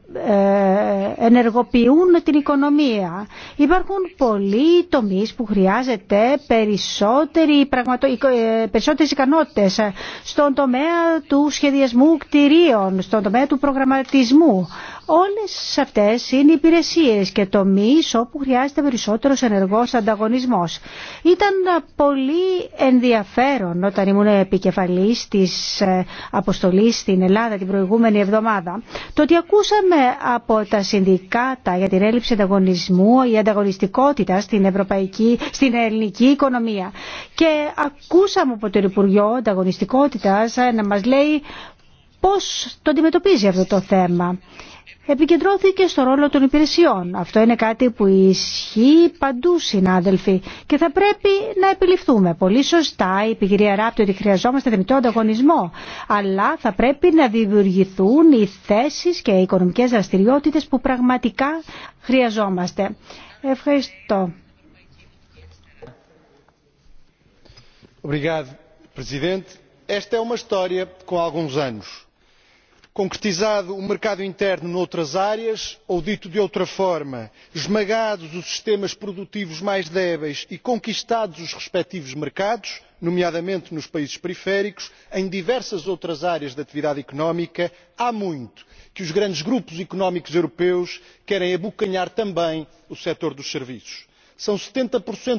ενεργοποιούν την οικονομία. Υπάρχουν πολλοί τομείς που χρειάζεται περισσότερη πραγματο... Ε, περισσότερες ικανότητες στον τομέα του σχεδιασμού κτηρίων, στον τομέα του προγραμματισμού. Όλες αυτές είναι υπηρεσίες και τομείς όπου χρειάζεται περισσότερος ενεργός ανταγωνισμός. Ήταν πολύ ενδιαφέρον όταν ήμουν επικεφαλής της ε, αποστολής στην Ελλάδα την προηγούμενη εβδομάδα. Το ότι ακούσαμε από τα συνδικάτα για την έλλειψη ανταγωνισμού ή ανταγωνιστικότητα στην, ευρωπαϊκή, στην ελληνική οικονομία. Και ακούσαμε από το Υπουργό Ανταγωνιστικότητας να μας λέει πώς το αντιμετωπίζει αυτό το θέμα επικεντρώθηκε στο ρόλο των υπηρεσιών. Αυτό είναι κάτι που ισχύει παντού συνάδελφοι και θα πρέπει να επιληφθούμε. Πολύ σωστά η κυρία Ράπτη ότι χρειαζόμαστε θεμητό ανταγωνισμό, αλλά θα πρέπει να δημιουργηθούν οι θέσεις και οι οικονομικές δραστηριότητες που πραγματικά χρειαζόμαστε. Ευχαριστώ. Obrigado, Presidente. Esta é uma história com alguns anos concretizado o mercado interno noutras áreas ou dito de outra forma esmagados os sistemas produtivos mais débeis e conquistados os respectivos mercados nomeadamente nos países periféricos em diversas outras áreas da atividade económica há muito que os grandes grupos económicos europeus querem abocanhar também o setor dos serviços são setenta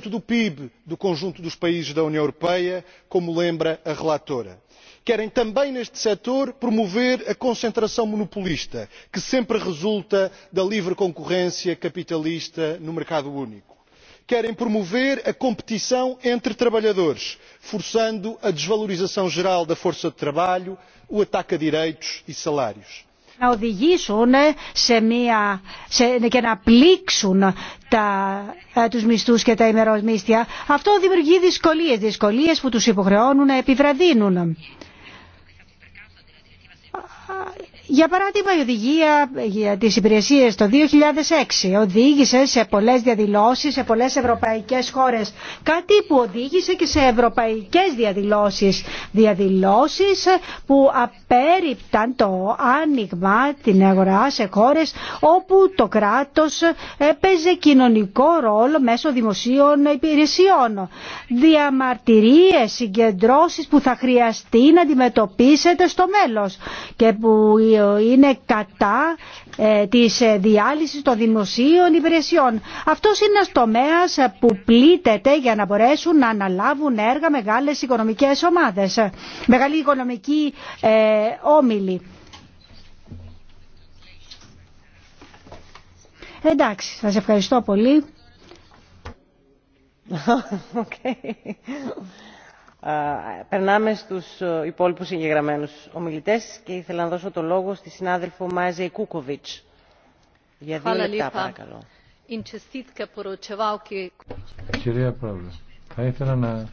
do pib do conjunto dos países da união europeia como lembra a relatora. querem também neste setor promover a concentração monopolista que sempre resulta da livre concorrência capitalista no mercado único. querem promover a competição entre trabalhadores forçando a desvalorização geral da força de trabalho o ataque a direitos e salários να οδηγήσουν σε μια, σε, και να πλήξουν τα, ε, τους μισθούς και τα ημερομίστια. Αυτό δημιουργεί δυσκολίες, δυσκολίες που τους υποχρεώνουν να επιβραδύνουν για παράδειγμα, η οδηγία για τι υπηρεσίε το 2006 οδήγησε σε πολλέ διαδηλώσει σε πολλές ευρωπαϊκές χώρες. Κάτι που οδήγησε και σε ευρωπαϊκές διαδηλώσει. Διαδηλώσει που απέρριπταν το άνοιγμα την αγορά σε χώρες όπου το κράτος έπαιζε κοινωνικό ρόλο μέσω δημοσίων υπηρεσιών. Διαμαρτυρίε συγκεντρώσει που θα χρειαστεί να αντιμετωπίσετε στο μέλο και που η είναι κατά ε, της ε, διάλυσης των δημοσίων υπηρεσιών. Αυτός είναι ένας τομέας που πλήττεται για να μπορέσουν να αναλάβουν έργα μεγάλες οικονομικές ομάδες, μεγάλη οικονομική ε, όμιλη. Εντάξει, σας ευχαριστώ πολύ. Περνάμε στους ε, υπόλοιπους εγγεγραμμένους ομιλητές και ήθελα να δώσω το λόγο στη συνάδελφο Μάζε Κούκοβιτς. Για δύο λεπτά παρακαλώ. Κυρία Πρόεδρε, θα ήθελα να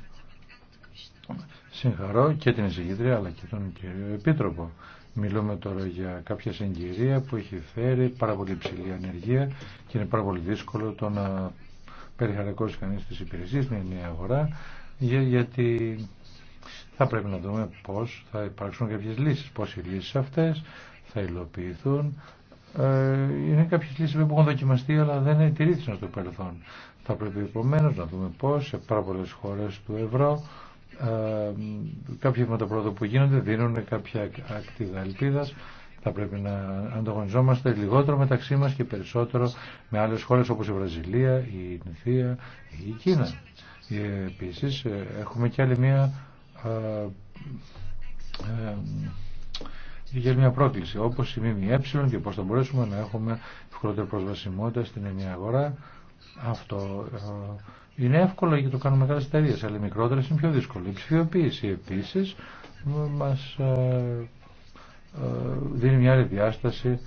συγχαρώ και την εισηγήτρια αλλά και τον κύριο Επίτροπο. Μιλούμε τώρα για κάποια συγκυρία που έχει φέρει πάρα πολύ ψηλή ανεργία και είναι πάρα πολύ δύσκολο το να περιχαρακώσει κανείς τις υπηρεσίες, μια νέα αγορά γιατί θα πρέπει να δούμε πώς θα υπάρξουν κάποιες λύσεις, πώς οι λύσεις αυτές θα υλοποιηθούν. Ε, είναι κάποιες λύσεις που έχουν δοκιμαστεί αλλά δεν τηρήθησαν στο παρελθόν. Θα πρέπει επομένως να δούμε πώς σε πάρα πολλέ χώρες του ευρώ ε, κάποια βήματα που γίνονται δίνουν κάποια ακτίδα ελπίδας θα πρέπει να ανταγωνιζόμαστε λιγότερο μεταξύ μας και περισσότερο με άλλες χώρες όπως η Βραζιλία, η Ινθία, η Κίνα. Επίσης ε, έχουμε και άλλη μία μια ε, ε, πρόκληση όπως η ΜΜΕ και πώς θα μπορέσουμε να έχουμε ευκολότερη προσβασιμότητα στην ενιαία αγορά. Αυτό είναι εύκολο γιατί το κάνουμε μεγάλες εταιρείε, αλλά οι μικρότερες είναι πιο δύσκολο. Η ψηφιοποίηση επίσης μας δίνει μια άλλη διάσταση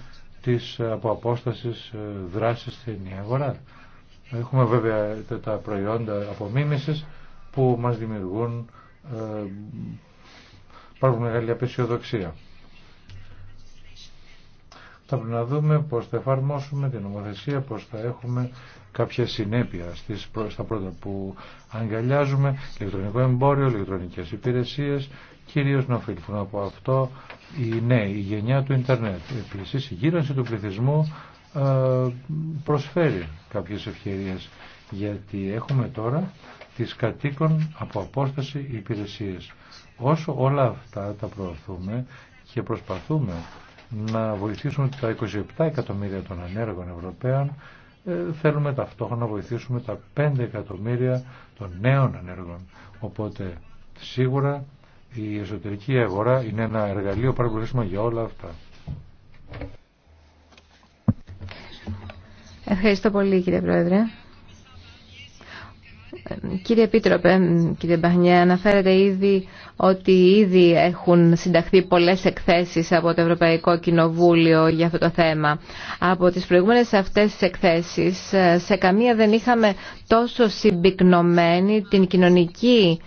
της από απόστασης δράσης στην ενιαία αγορά. Έχουμε βέβαια τα προϊόντα απομίμησης που μας δημιουργούν ε, πάρα μεγάλη απεσιοδοξία. Θα πρέπει να δούμε πώς θα εφαρμόσουμε την νομοθεσία, πώς θα έχουμε κάποια συνέπεια στις, στα πρώτα που αγκαλιάζουμε, ηλεκτρονικό εμπόριο, ηλεκτρονικές υπηρεσίες, κυρίως να ωφεληθούν από αυτό η νέη η γενιά του ιντερνετ, επίσης η γύρανση του πληθυσμού, ε, προσφέρει κάποιες ευκαιρίες γιατί έχουμε τώρα τις κατοίκων από απόσταση υπηρεσίες. Όσο όλα αυτά τα προωθούμε και προσπαθούμε να βοηθήσουμε τα 27 εκατομμύρια των ανέργων Ευρωπαίων ε, θέλουμε ταυτόχρονα να βοηθήσουμε τα 5 εκατομμύρια των νέων ανέργων. Οπότε σίγουρα η εσωτερική αγορά είναι ένα εργαλείο παρακολουθήσιμο για όλα αυτά. Ευχαριστώ πολύ κύριε Πρόεδρε. Κύριε Επίτροπε, κύριε Μπαχνιέ, αναφέρετε ήδη ότι ήδη έχουν συνταχθεί πολλές εκθέσεις από το Ευρωπαϊκό Κοινοβούλιο για αυτό το θέμα. Από τις προηγούμενες αυτές τις εκθέσεις, σε καμία δεν είχαμε τόσο συμπυκνωμένη την κοινωνική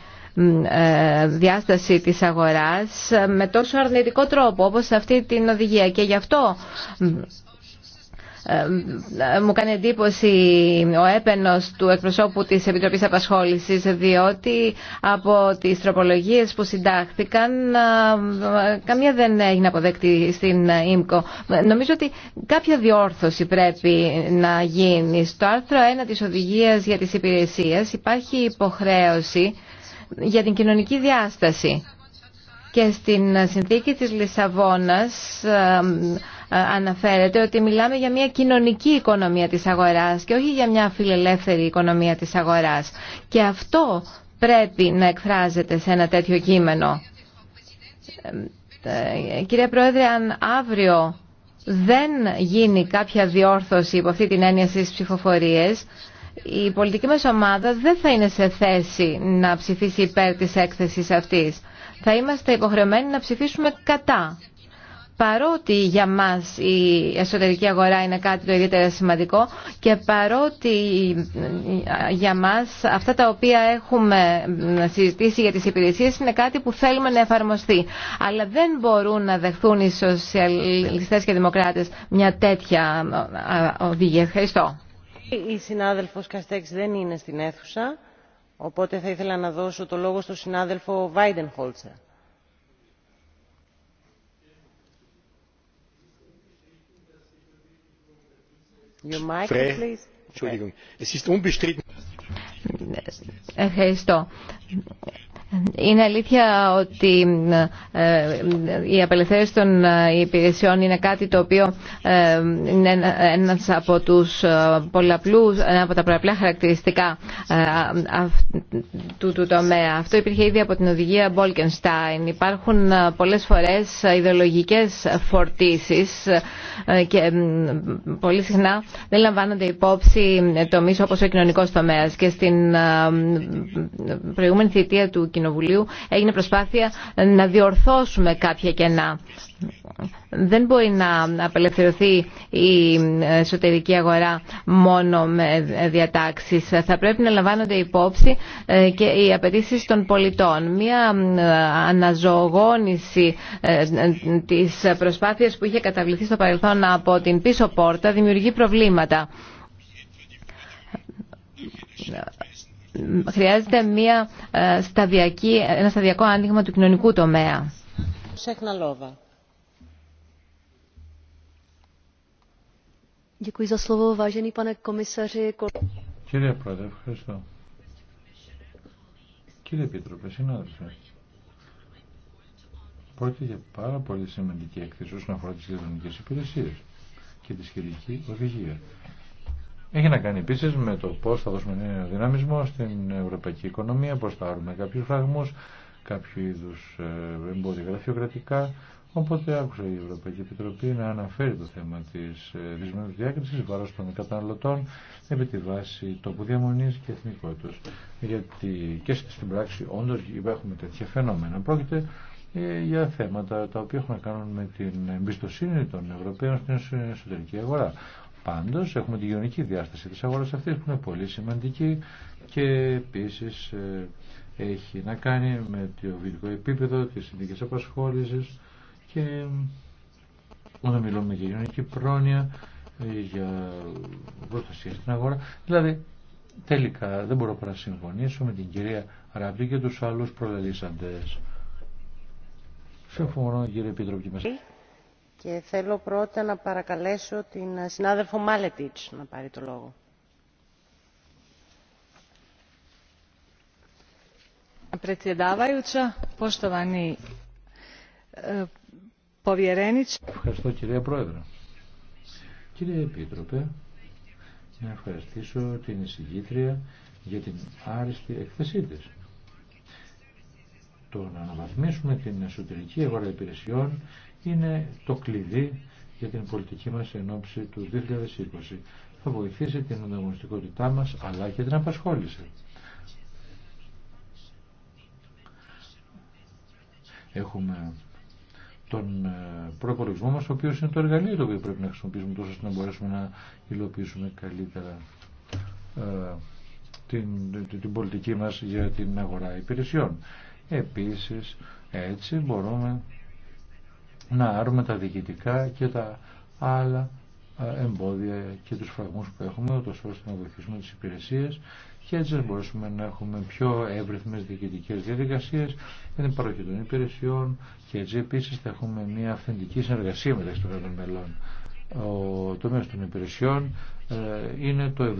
ε, διάσταση της αγοράς με τόσο αρνητικό τρόπο όπως αυτή την οδηγία. Και γι' αυτό μου κάνει εντύπωση ο έπαινος του εκπροσώπου της Επιτροπής Απασχόλησης διότι από τις τροπολογίες που συντάχθηκαν καμία δεν έγινε αποδεκτή στην ΙΜΚΟ. Νομίζω ότι κάποια διόρθωση πρέπει να γίνει. Στο άρθρο 1 της Οδηγίας για τις Υπηρεσίες υπάρχει υποχρέωση για την κοινωνική διάσταση. Και στην συνθήκη της Λισαβόνας ε, αναφέρεται ότι μιλάμε για μια κοινωνική οικονομία της αγοράς και όχι για μια φιλελεύθερη οικονομία της αγοράς. Και αυτό πρέπει να εκφράζεται σε ένα τέτοιο κείμενο. Ε, ε, Κυρία Πρόεδρε, αν αύριο δεν γίνει κάποια διόρθωση υπό αυτή την έννοια στις ψηφοφορίες, η πολιτική μας ομάδα δεν θα είναι σε θέση να ψηφίσει υπέρ της έκθεσης αυτής. Θα είμαστε υποχρεωμένοι να ψηφίσουμε κατά παρότι για μας η εσωτερική αγορά είναι κάτι το ιδιαίτερα σημαντικό και παρότι για μας αυτά τα οποία έχουμε συζητήσει για τις υπηρεσίες είναι κάτι που θέλουμε να εφαρμοστεί. Αλλά δεν μπορούν να δεχθούν οι σοσιαλιστές και δημοκράτες μια τέτοια οδηγία. Ευχαριστώ. Η συνάδελφος Καστέξ δεν είναι στην αίθουσα, οπότε θα ήθελα να δώσω το λόγο στον συνάδελφο Βάιντεν Χόλτσερ. Ευχαριστώ. Είναι αλήθεια ότι ε, η απελευθέρωση των ε, υπηρεσιών είναι κάτι το οποίο ε, είναι ένας από τους πολλαπλούς, ένα από τα πολλαπλά χαρακτηριστικά του, του τομέα. Αυτό υπήρχε ήδη από την οδηγία Bolkenstein. Υπάρχουν πολλές φορές ιδεολογικές φορτίσεις και πολύ συχνά δεν λαμβάνονται υπόψη τομείς όπως ο κοινωνικός τομέας. Και στην προηγούμενη θητεία του Κοινοβουλίου έγινε προσπάθεια να διορθώσουμε κάποια κενά. Δεν μπορεί να απελευθερωθεί η εσωτερική αγορά μόνο με διατάξεις. Θα πρέπει να λαμβάνονται υπόψη ε, και οι απαιτήσει των πολιτών. Μία ε, αναζωογόνηση ε, της προσπάθειας που είχε καταβληθεί στο παρελθόν από την πίσω πόρτα δημιουργεί προβλήματα χρειάζεται μια ε, σταδιακή, ένα σταδιακό άνοιγμα του κοινωνικού τομέα. Κύριε Πρόεδρε, ευχαριστώ. Κύριε Επίτροπε, συνάδελφέ, πρόκειται για πάρα πολύ σημαντική έκθεση όσον αφορά τις κοινωνικές υπηρεσίες και τη σχετική οδηγία. Έχει να κάνει επίση με το πώ θα δώσουμε νέο δυναμισμό στην ευρωπαϊκή οικονομία, πώ θα άρουμε κάποιου φραγμού, κάποιο είδου ε, εμπόδια γραφειοκρατικά. Οπότε άκουσα η Ευρωπαϊκή Επιτροπή να αναφέρει το θέμα τη ε, δυσμενή διάκριση βάρο των καταναλωτών επί τη βάση τόπου διαμονή και εθνικότητα. Γιατί και στην πράξη όντω έχουμε τέτοια φαινόμενα. Πρόκειται ε, για θέματα τα οποία έχουν να κάνουν με την εμπιστοσύνη των Ευρωπαίων στην εσωτερική αγορά. Πάντως έχουμε τη γεωνική διάσταση της αγοράς αυτής που είναι πολύ σημαντική και επίσης ε, έχει να κάνει με το βιβλικό επίπεδο, τις συνθήκες απασχόλησης και όταν μιλούμε για γεωνική πρόνοια, ε, για προστασία στην αγορά. Δηλαδή τελικά δεν μπορώ παρά να συμφωνήσω με την κυρία Ραπτή και τους άλλους προλαλήσαντες. Συμφωνώ κύριε Επίτροπη μας και θέλω πρώτα να παρακαλέσω την συνάδελφο Μάλετιτς να πάρει το λόγο. Ε, Ευχαριστώ κυρία Πρόεδρε. Κύριε Επίτροπε, να ευχαριστήσω την εισηγήτρια για την άριστη εκθεσή της. Το να αναβαθμίσουμε την εσωτερική αγορά υπηρεσιών είναι το κλειδί για την πολιτική μας ενόψη του 2020. Θα βοηθήσει την ανταγωνιστικότητά μας αλλά και την απασχόληση. Έχουμε τον ε, προπολογισμό μας, ο οποίος είναι το εργαλείο το οποίο πρέπει να χρησιμοποιήσουμε τόσο ώστε να μπορέσουμε να υλοποιήσουμε καλύτερα ε, την, την πολιτική μας για την αγορά υπηρεσιών. Επίσης, έτσι μπορούμε να άρουμε τα διοικητικά και τα άλλα ε, εμπόδια και τους φραγμούς που έχουμε, ώστε να βοηθήσουμε τις υπηρεσίες και έτσι μπορέσουμε να έχουμε πιο εύρυθμες διοικητικές διαδικασίες για την παροχή των υπηρεσιών και έτσι επίσης θα έχουμε μια αυθεντική συνεργασία μεταξύ των κρατών μελών. Ο τομέας των υπηρεσιών ε, είναι το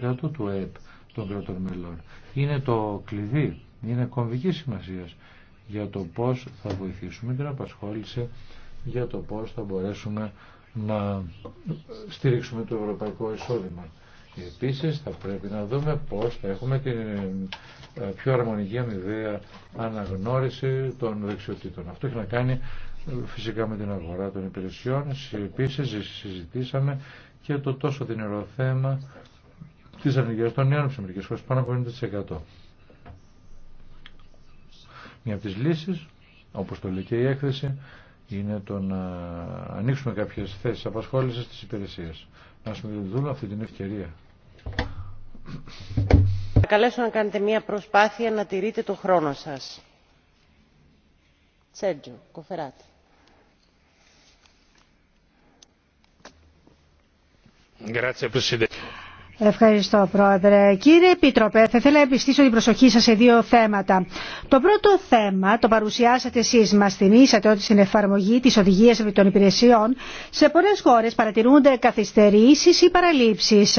70% του ΕΕΠ των κρατών μελών. Είναι το κλειδί, είναι κομβική σημασίας για το πώς θα βοηθήσουμε την απασχόληση, για το πώς θα μπορέσουμε να στηρίξουμε το ευρωπαϊκό εισόδημα. Επίσης θα πρέπει να δούμε πώς θα έχουμε την ε, πιο αρμονική αμοιβαία αναγνώριση των δεξιοτήτων. Αυτό έχει να κάνει ε, φυσικά με την αγορά των υπηρεσιών. Επίσης συζητήσαμε και το τόσο δυνερό θέμα της ανεργίας των νέων πάνω από 90%. Μία από τις λύσεις, όπως το λέει και η έκθεση, είναι το να ανοίξουμε κάποιες θέσεις απασχόλησης της υπηρεσίας. Να συμμετοχθούν αυτή την ευκαιρία. Θα καλέσω να κάνετε μία προσπάθεια να τηρείτε το χρόνο σας. Τσέντζο, Κοφεράτη. Grazie Presidente. Ευχαριστώ Πρόεδρε. Κύριε Επίτροπε, θα ήθελα να επιστήσω την προσοχή σας σε δύο θέματα. Το πρώτο θέμα το παρουσιάσατε εσείς. Μας θυμίσατε ότι στην εφαρμογή της οδηγίας επί των υπηρεσιών σε πολλές χώρες παρατηρούνται καθυστερήσεις ή παραλήψεις.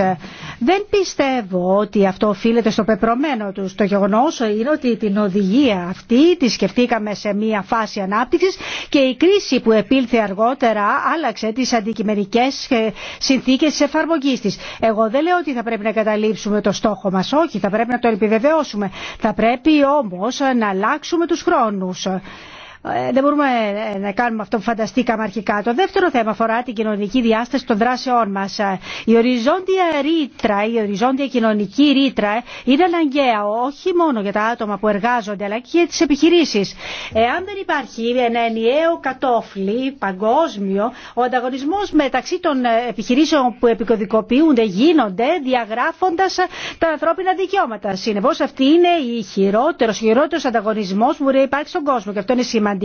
Δεν πιστεύω ότι αυτό οφείλεται στο πεπρωμένο τους. Το γεγονός είναι ότι την οδηγία αυτή τη σκεφτήκαμε σε μία φάση ανάπτυξης και η κρίση που επήλθε αργότερα άλλαξε τις αντικειμενικές συνθήκες της εφαρμογής της. Εγώ δεν λέω ότι θα πρέπει να καταλήψουμε το στόχο μας. Όχι, θα πρέπει να το επιβεβαιώσουμε. Θα πρέπει όμως να αλλάξουμε τους χρόνους. Ε, δεν μπορούμε ε, να κάνουμε αυτό που φανταστήκαμε αρχικά. Το δεύτερο θέμα αφορά την κοινωνική διάσταση των δράσεών μα. Ε, η οριζόντια ρήτρα, η οριζόντια κοινωνική ρήτρα είναι αναγκαία όχι μόνο για τα άτομα που εργάζονται αλλά και για τι επιχειρήσει. Εάν δεν υπάρχει ένα ενιαίο κατόφλι παγκόσμιο, ο ανταγωνισμό μεταξύ των επιχειρήσεων που επικοδικοποιούνται γίνονται διαγράφοντα τα ανθρώπινα δικαιώματα. Συνεπώ αυτή είναι η χειρότερο ανταγωνισμό που μπορεί να υπάρξει στον κόσμο και αυτό είναι σημαντικό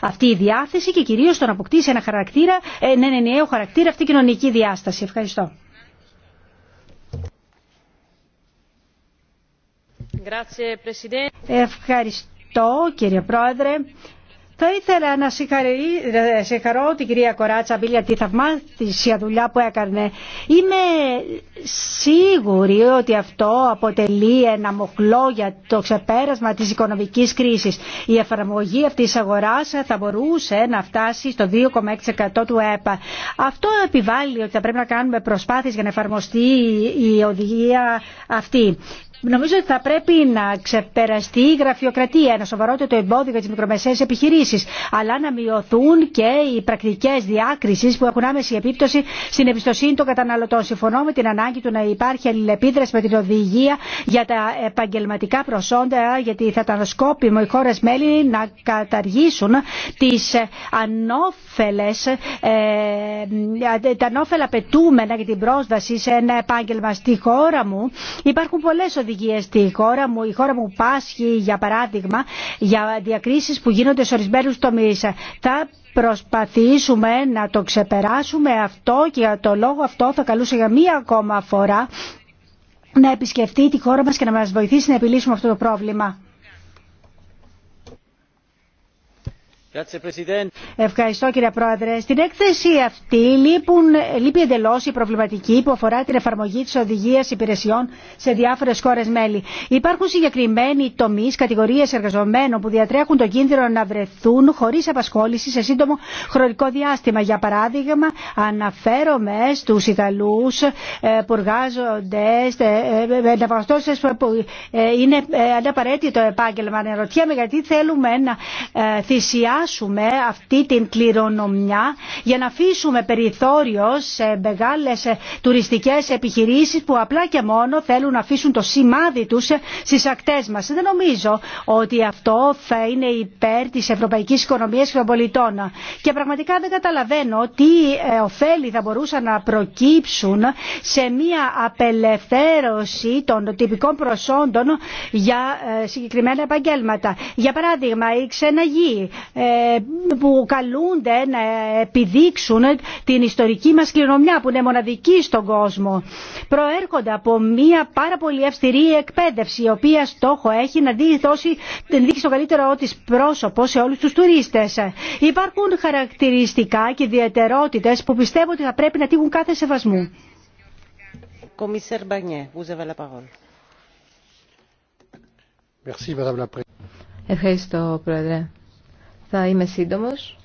αυτή η διάθεση και κυρίω το να αποκτήσει ένα χαρακτήρα, έναν ε, ναι, ενιαίο χαρακτήρα αυτή η κοινωνική διάσταση. Ευχαριστώ. Ευχαριστώ κύριε Πρόεδρε. Θα ήθελα να συγχαρώ την κυρία Κοράτσα για τη θαυμάτισια δουλειά που έκανε. Είμαι σίγουρη ότι αυτό αποτελεί ένα μοχλό για το ξεπέρασμα της οικονομικής κρίσης. Η εφαρμογή αυτής της αγοράς θα μπορούσε να φτάσει στο 2,6% του ΕΠΑ. Αυτό επιβάλλει ότι θα πρέπει να κάνουμε προσπάθειες για να εφαρμοστεί η οδηγία αυτή. Νομίζω ότι θα πρέπει να ξεπεραστεί η γραφειοκρατία, ένα σοβαρότερο εμπόδιο για τι μικρομεσαίε επιχειρήσει, αλλά να μειωθούν και οι πρακτικέ διάκριση που έχουν άμεση επίπτωση στην εμπιστοσύνη των καταναλωτών. Συμφωνώ με την ανάγκη του να υπάρχει αλληλεπίδραση με την οδηγία για τα επαγγελματικά προσόντα, γιατί θα ήταν σκόπιμο οι χώρε μέλη να καταργήσουν τις ε, ανώφελες, ε, ε, τα ανώφελα πετούμενα για την πρόσβαση σε ένα επάγγελμα. Στη χώρα μου υπάρχουν πολλέ οδηγίε στη χώρα μου, η χώρα μου πάσχει για παράδειγμα για διακρίσεις που γίνονται σε ορισμένους τομείς. Θα προσπαθήσουμε να το ξεπεράσουμε αυτό και για το λόγο αυτό θα καλούσα για μία ακόμα φορά να επισκεφτεί τη χώρα μας και να μας βοηθήσει να επιλύσουμε αυτό το πρόβλημα. Ευχαριστώ κύριε Πρόεδρε. Στην έκθεση αυτή λείπει εντελώ η προβληματική που αφορά την εφαρμογή τη οδηγία υπηρεσιών σε διάφορε χώρε μέλη. Υπάρχουν συγκεκριμένοι τομεί, κατηγορίε εργαζομένων που διατρέχουν το κίνδυνο να βρεθούν χωρί απασχόληση σε σύντομο χρονικό διάστημα. Για παράδειγμα, αναφέρομαι στου Ιταλού ε, που εργάζονται, ε, ε, που είναι ανταπαραίτητο επάγγελμα. Αναρωτιέμαι γιατί θέλουμε να θυσιάσουμε επηρεάσουμε αυτή την κληρονομιά για να αφήσουμε περιθώριο σε μεγάλες ε, τουριστικές επιχειρήσεις που απλά και μόνο θέλουν να αφήσουν το σημάδι τους ε, στι ακτέ μα. Δεν νομίζω ότι αυτό θα είναι υπέρ τη ευρωπαϊκής οικονομίας και των πολιτών. Και πραγματικά δεν καταλαβαίνω τι ε, ωφέλη θα μπορούσαν να προκύψουν σε μια απελευθέρωση των τυπικών προσόντων για συγκεκριμένα επαγγέλματα. Για παράδειγμα, οι ξεναγοί, που καλούνται να επιδείξουν την ιστορική μας κληρονομιά που είναι μοναδική στον κόσμο. Προέρχονται από μια πάρα πολύ αυστηρή εκπαίδευση η οποία στόχο έχει να δώσει, δείξει το καλύτερο της πρόσωπο σε όλους τους τουρίστες. Υπάρχουν χαρακτηριστικά και ιδιαιτερότητες που πιστεύω ότι θα πρέπει να τύχουν κάθε σεβασμού. Ευχαριστώ, Πρόεδρε. Θα είμαι σύντομος.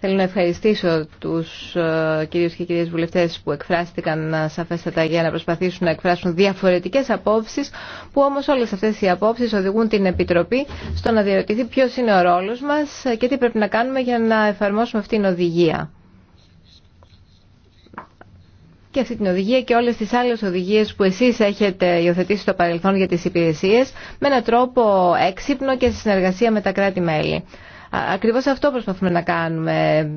Θέλω να ευχαριστήσω τους ε, κυρίους και κυρίες βουλευτές που εκφράστηκαν ε, σαφέστατα για να προσπαθήσουν να εκφράσουν διαφορετικές απόψεις που όμως όλες αυτές οι απόψεις οδηγούν την Επιτροπή στο να διαρωτηθεί ποιος είναι ο ρόλος μας ε, και τι πρέπει να κάνουμε για να εφαρμόσουμε αυτήν την οδηγία. Και αυτή την οδηγία και όλες τις άλλες οδηγίες που εσείς έχετε υιοθετήσει στο παρελθόν για τις υπηρεσίες με έναν τρόπο έξυπνο και σε συνεργασία με τα κράτη-μέλη. Ακριβώς αυτό προσπαθούμε να κάνουμε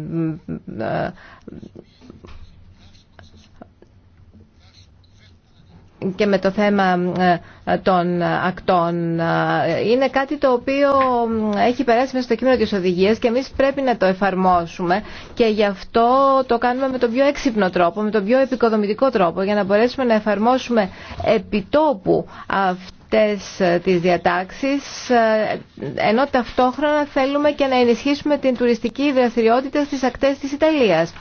και με το θέμα ε, των ακτών. Ε, είναι κάτι το οποίο ε, έχει περάσει μέσα στο κείμενο της οδηγίας και εμείς πρέπει να το εφαρμόσουμε και γι' αυτό το κάνουμε με τον πιο έξυπνο τρόπο, με τον πιο επικοδομητικό τρόπο για να μπορέσουμε να εφαρμόσουμε επιτόπου αυτές τις διατάξεις ενώ ταυτόχρονα θέλουμε και να ενισχύσουμε την τουριστική δραστηριότητα στις ακτές της Ιταλίας.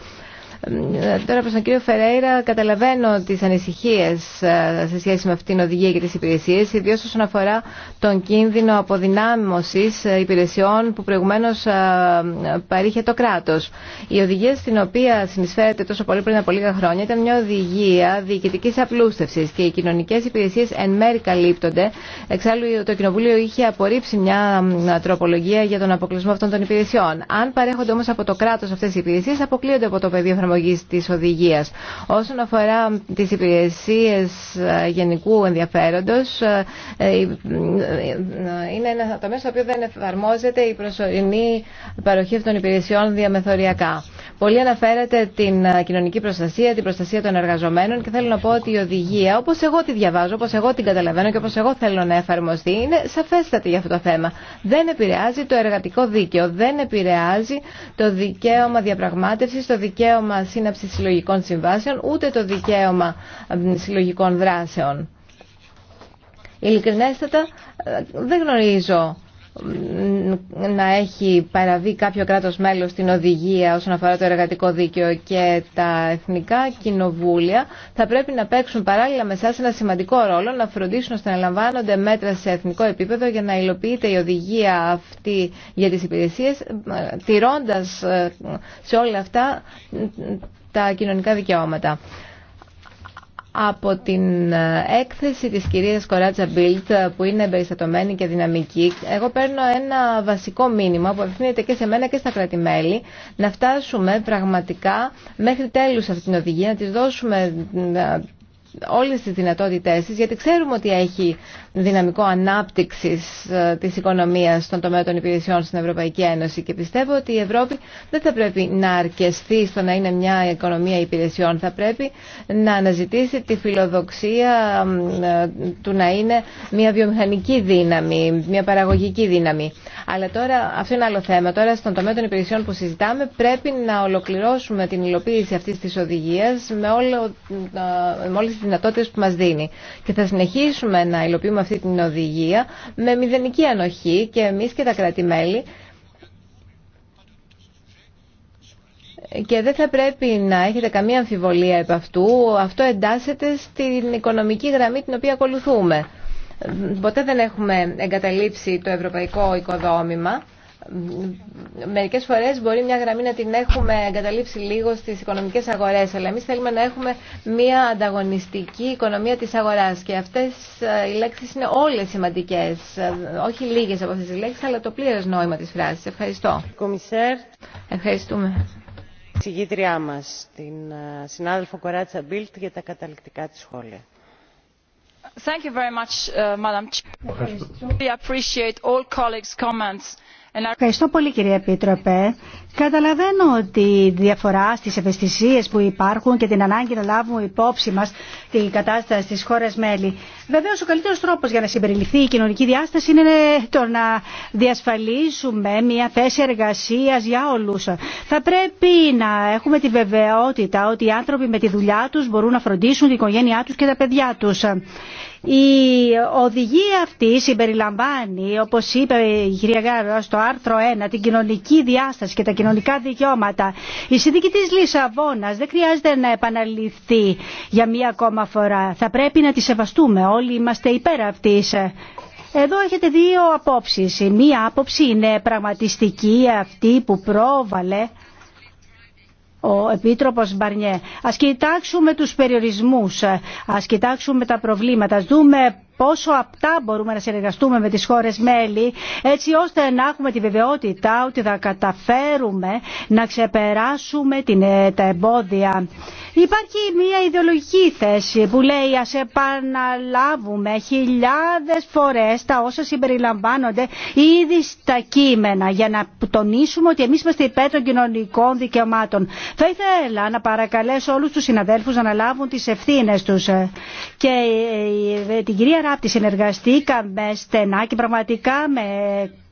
Ε, τώρα προς τον κύριο Φερέιρα καταλαβαίνω τις ανησυχίες ε, σε σχέση με αυτήν την οδηγία και τις υπηρεσίες, ιδίως όσον αφορά τον κίνδυνο αποδυνάμωσης ε, υπηρεσιών που προηγουμένως παρήχε το κράτος. Η οδηγία στην οποία συνεισφέρεται τόσο πολύ πριν από λίγα χρόνια ήταν μια οδηγία διοικητικής απλούστευσης και οι κοινωνικές υπηρεσίες εν μέρη καλύπτονται. Εξάλλου το Κοινοβούλιο είχε απορρίψει μια τροπολογία για τον αποκλεισμό αυτών των υπηρεσιών. Αν παρέχονται όμως από το κράτος αυτές οι υπηρεσίες αποκλείονται από το πεδίο Όσον αφορά τις υπηρεσίε ε, γενικού ενδιαφέροντος, ε, ε, είναι ένα τομέα στο οποίο δεν εφαρμόζεται η προσωρινή παροχή αυτών των υπηρεσιών διαμεθοριακά. Πολλοί αναφέρατε την ε, κοινωνική προστασία, την προστασία των εργαζομένων και θέλω να πω ότι η οδηγία, όπω εγώ τη διαβάζω, όπω εγώ την καταλαβαίνω και όπω εγώ θέλω να εφαρμοστεί, είναι σαφέστατη για αυτό το θέμα. Δεν επηρεάζει το εργατικό δίκαιο, δεν επηρεάζει το δικαίωμα διαπραγμάτευση, το δικαίωμα σύναψη συλλογικών συμβάσεων, ούτε το δικαίωμα συλλογικών δράσεων. Ειλικρινέστατα ε, δεν γνωρίζω να έχει παραβεί κάποιο κράτος μέλος την οδηγία όσον αφορά το εργατικό δίκαιο και τα εθνικά κοινοβούλια θα πρέπει να παίξουν παράλληλα με εσάς ένα σημαντικό ρόλο να φροντίσουν ώστε να λαμβάνονται μέτρα σε εθνικό επίπεδο για να υλοποιείται η οδηγία αυτή για τις υπηρεσίες τηρώντας ε, σε όλα αυτά τα κοινωνικά δικαιώματα από την ε, έκθεση της κυρίας Κοράτσα Μπίλτ ε, που είναι εμπεριστατωμένη και δυναμική εγώ παίρνω ένα βασικό μήνυμα που απευθύνεται και σε μένα και στα κρατημέλη να φτάσουμε πραγματικά μέχρι τέλους αυτή την οδηγία να της δώσουμε ε, όλες τις δυνατότητές της, γιατί ξέρουμε ότι έχει δυναμικό ανάπτυξης ε, της οικονομίας στον τομέα των υπηρεσιών στην Ευρωπαϊκή Ένωση και πιστεύω ότι η Ευρώπη δεν θα πρέπει να αρκεστεί στο να είναι μια οικονομία υπηρεσιών. Θα πρέπει να αναζητήσει τη φιλοδοξία ε, του να είναι μια βιομηχανική δύναμη, μια παραγωγική δύναμη. Αλλά τώρα, αυτό είναι άλλο θέμα. Τώρα, στον τομέα των υπηρεσιών που συζητάμε, πρέπει να ολοκληρώσουμε την υλοποίηση αυτή τη οδηγία με, όλο, ε, με όλες δυνατότητες που μας δίνει. Και θα συνεχίσουμε να υλοποιούμε αυτή την οδηγία με μηδενική ανοχή και εμείς και τα κράτη-μέλη και δεν θα πρέπει να έχετε καμία αμφιβολία επ' αυτού. Αυτό εντάσσεται στην οικονομική γραμμή την οποία ακολουθούμε. Ποτέ δεν έχουμε εγκαταλείψει το ευρωπαϊκό οικοδόμημα. Μερικές φορές μπορεί μια γραμμή να την έχουμε εγκαταλείψει λίγο στις οικονομικές αγορές, αλλά εμείς θέλουμε να έχουμε μια ανταγωνιστική οικονομία της αγοράς και αυτές ε, οι λέξεις είναι όλες σημαντικές, ε, όχι λίγες από αυτές τις λέξεις, αλλά το πλήρες νόημα της φράσης. Ευχαριστώ. Κομισέρ. Ευχαριστούμε. Συγγήτριά μας, την ε, συνάδελφο Κοράτσα Μπίλτ για τα καταληκτικά της σχόλια. Thank you very much, uh, Madam Chair. We appreciate all colleagues' comments. Ευχαριστώ πολύ κύριε Επίτροπε. Καταλαβαίνω ότι διαφορά στις ευαισθησίες που υπάρχουν και την ανάγκη να λάβουμε υπόψη μας την κατάσταση στις χώρες μέλη. Βεβαίως ο καλύτερος τρόπος για να συμπεριληφθεί η κοινωνική διάσταση είναι το να διασφαλίσουμε μια θέση εργασίας για όλους. Θα πρέπει να έχουμε τη βεβαιότητα ότι οι άνθρωποι με τη δουλειά τους μπορούν να φροντίσουν την οικογένειά τους και τα παιδιά τους. Η οδηγία αυτή συμπεριλαμβάνει, όπως είπε η κυρία Γκάρο, στο άρθρο 1, την κοινωνική διάσταση και τα κοινωνικά δικαιώματα. Η συνδική τη Λισαβόνα δεν χρειάζεται να επαναληφθεί για μία ακόμα φορά. Θα πρέπει να τη σεβαστούμε. Όλοι είμαστε υπέρ αυτή. Εδώ έχετε δύο απόψεις. Η μία άποψη είναι πραγματιστική αυτή που πρόβαλε ο Επίτροπος Μπαρνιέ. Ας κοιτάξουμε τους περιορισμούς, ας κοιτάξουμε τα προβλήματα, ας δούμε πόσο απτά μπορούμε να συνεργαστούμε με τις χώρες μέλη έτσι ώστε να έχουμε τη βεβαιότητα ότι θα καταφέρουμε να ξεπεράσουμε την, ε, τα εμπόδια. Υπάρχει μια ιδεολογική θέση που λέει ας επαναλάβουμε χιλιάδες φορές τα όσα συμπεριλαμβάνονται ήδη στα κείμενα για να τονίσουμε ότι εμείς είμαστε υπέρ των κοινωνικών δικαιωμάτων. Θα ήθελα να παρακαλέσω όλους τους συναδέλφους να αναλάβουν τις ευθύνες τους και ε, ε, την κυρία τη συνεργαστήκαμε στενά και πραγματικά με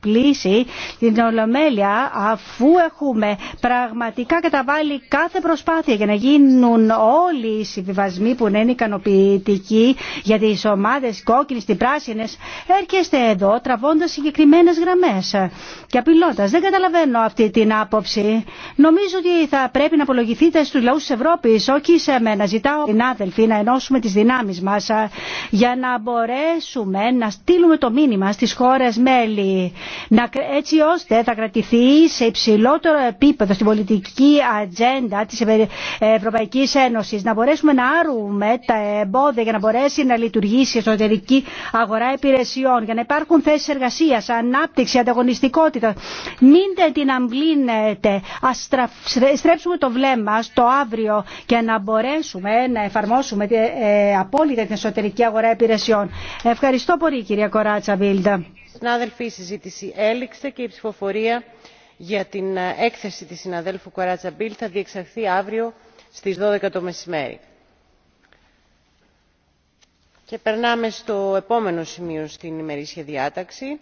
πλήσει την Ολομέλεια αφού έχουμε πραγματικά καταβάλει κάθε προσπάθεια για να γίνουν όλοι οι συμβιβασμοί που να είναι ικανοποιητικοί για τις ομάδες κόκκινε, τι πράσινες. Έρχεστε εδώ τραβώντας συγκεκριμένες γραμμές και απειλώντας. Δεν καταλαβαίνω αυτή την άποψη. Νομίζω ότι θα πρέπει να απολογηθείτε στους λαούς της Ευρώπης, όχι σε μένα. Ζητάω την άδελφη να ενώσουμε τις δυνάμεις μας για να μπορέσουμε να στείλουμε το μήνυμα στις χώρες μέλη έτσι ώστε θα κρατηθεί σε υψηλότερο επίπεδο στην πολιτική ατζέντα της Ευρωπαϊκής Ένωσης. Να μπορέσουμε να άρουμε τα εμπόδια για να μπορέσει να λειτουργήσει η εσωτερική αγορά υπηρεσιών, για να υπάρχουν θέσεις εργασίας, ανάπτυξη, ανταγωνιστικότητα. Μην την αμβλύνετε, ας στρέψουμε το βλέμμα στο αύριο και να μπορέσουμε να εφαρμόσουμε ε, απόλυτα την εσωτερική αγορά υπηρεσιών. Ευχαριστώ πολύ κυρία Κοράτσα Βίλντα. Συνάδελφοι, η συζήτηση έληξε και η ψηφοφορία για την ε, έκθεση της συναδέλφου Κοράτσα Μπίλ θα διεξαχθεί αύριο στις 12 το μεσημέρι. Και περνάμε στο επόμενο σημείο στην ημερήσια διάταξη.